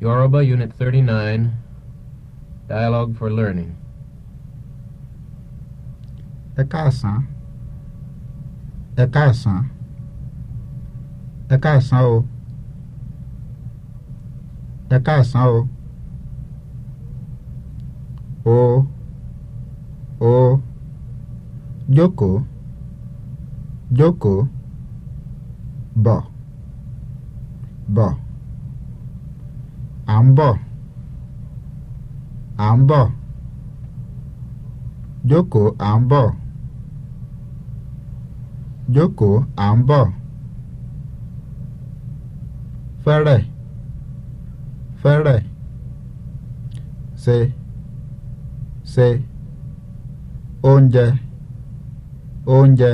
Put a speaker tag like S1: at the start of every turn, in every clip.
S1: Yoruba, Unit 39, Dialogue for Learning. Ẹ káàsán. Ẹ o, Ẹ o. O. O. joko, joko, Bọ̀. Bọ̀. à ń bọ̀ à ń bọ̀ jókòó à ń bọ̀ jókòó à ń bọ̀ fẹ́rẹ̀ fẹ́rẹ̀ ṣe ṣe oúnjẹ oúnjẹ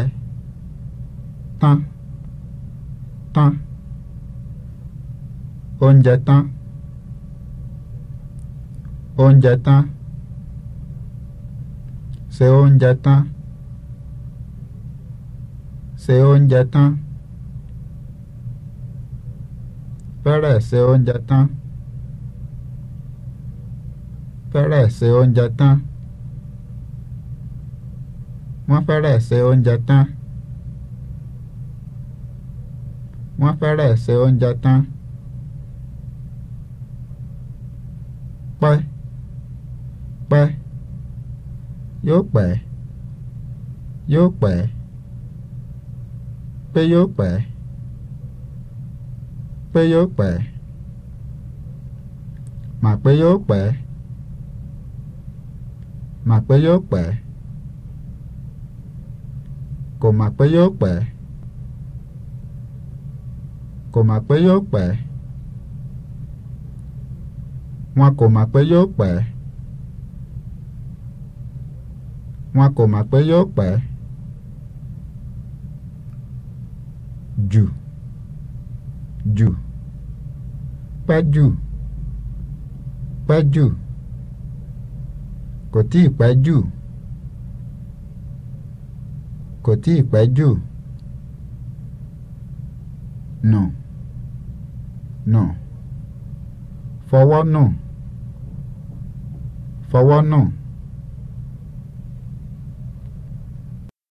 S1: tán tán oúnjẹ tán. oúnjẹ se ṣe oúnjẹ tán ṣe oúnjẹ tán fẹ́rẹ̀ ṣe oúnjẹ tán fẹ́rẹ̀ ṣe oúnjẹ mo wọ́n se ṣe oúnjẹ tán wọ́n fẹ́rẹ̀ ṣe oúnjẹ tán pẹ́. pa dốt bệ dốt bệ p dốt bệ p dốt bệ mặt p dốt bệ mặt p dốt bệ cùng mặt p dốt bệ cùng mặt p dốt bệ ngoa cùng mặt p dốt bệ wọn kò mọ̀ pé yóò pẹ́ jù jù pẹ́ jù pẹ́ jù kò tíì pẹ́ jù kò tíì pẹ́ jù nù nù fọwọ́ nù fọwọ́ nù. No. No.